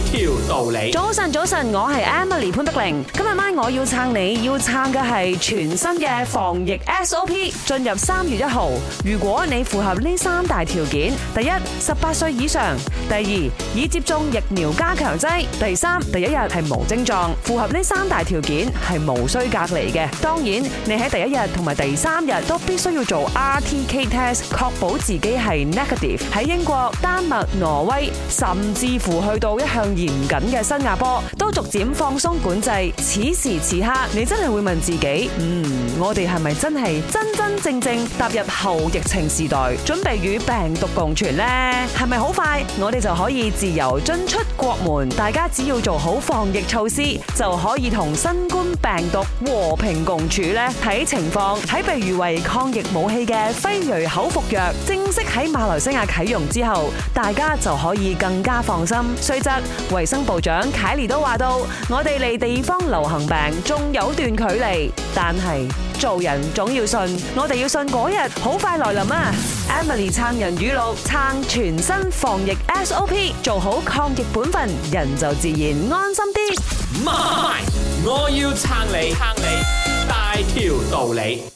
條道理，早晨早晨，我係 Emily 潘德玲。今日晚我要撐你，要撐嘅係全新嘅防疫 SOP。進入三月一號，如果你符合呢三大條件：第一，十八歲以上；第二，已接種疫苗加強劑；第三，第一日係無症狀。符合呢三大條件係無需隔離嘅。當然，你喺第一日同埋第三日都必須要做 RTK test，確保自己係 negative。喺英國、丹麥、挪威，甚至乎去到一向。更嚴謹嘅新加坡都逐漸放鬆管制，此時此刻，你真係會問自己：嗯，我哋係咪真係真？真正正踏入後疫情時代，準備與病毒共存呢？係咪好快我哋就可以自由進出國門？大家只要做好防疫措施，就可以同新冠病毒和平共處呢？睇情況，喺被譽為抗疫武器嘅輝瑞口服藥正式喺馬來西亞啟用之後，大家就可以更加放心。雖則衛生部長凱利都話到，我哋離地方流行病仲有段距離，但係做人總要信。我哋要信嗰日好快來臨啊！Emily 撐人語錄，撐全身防疫 SOP，做好抗疫本分，人就自然安心啲。我要撐你，撐你大條道理。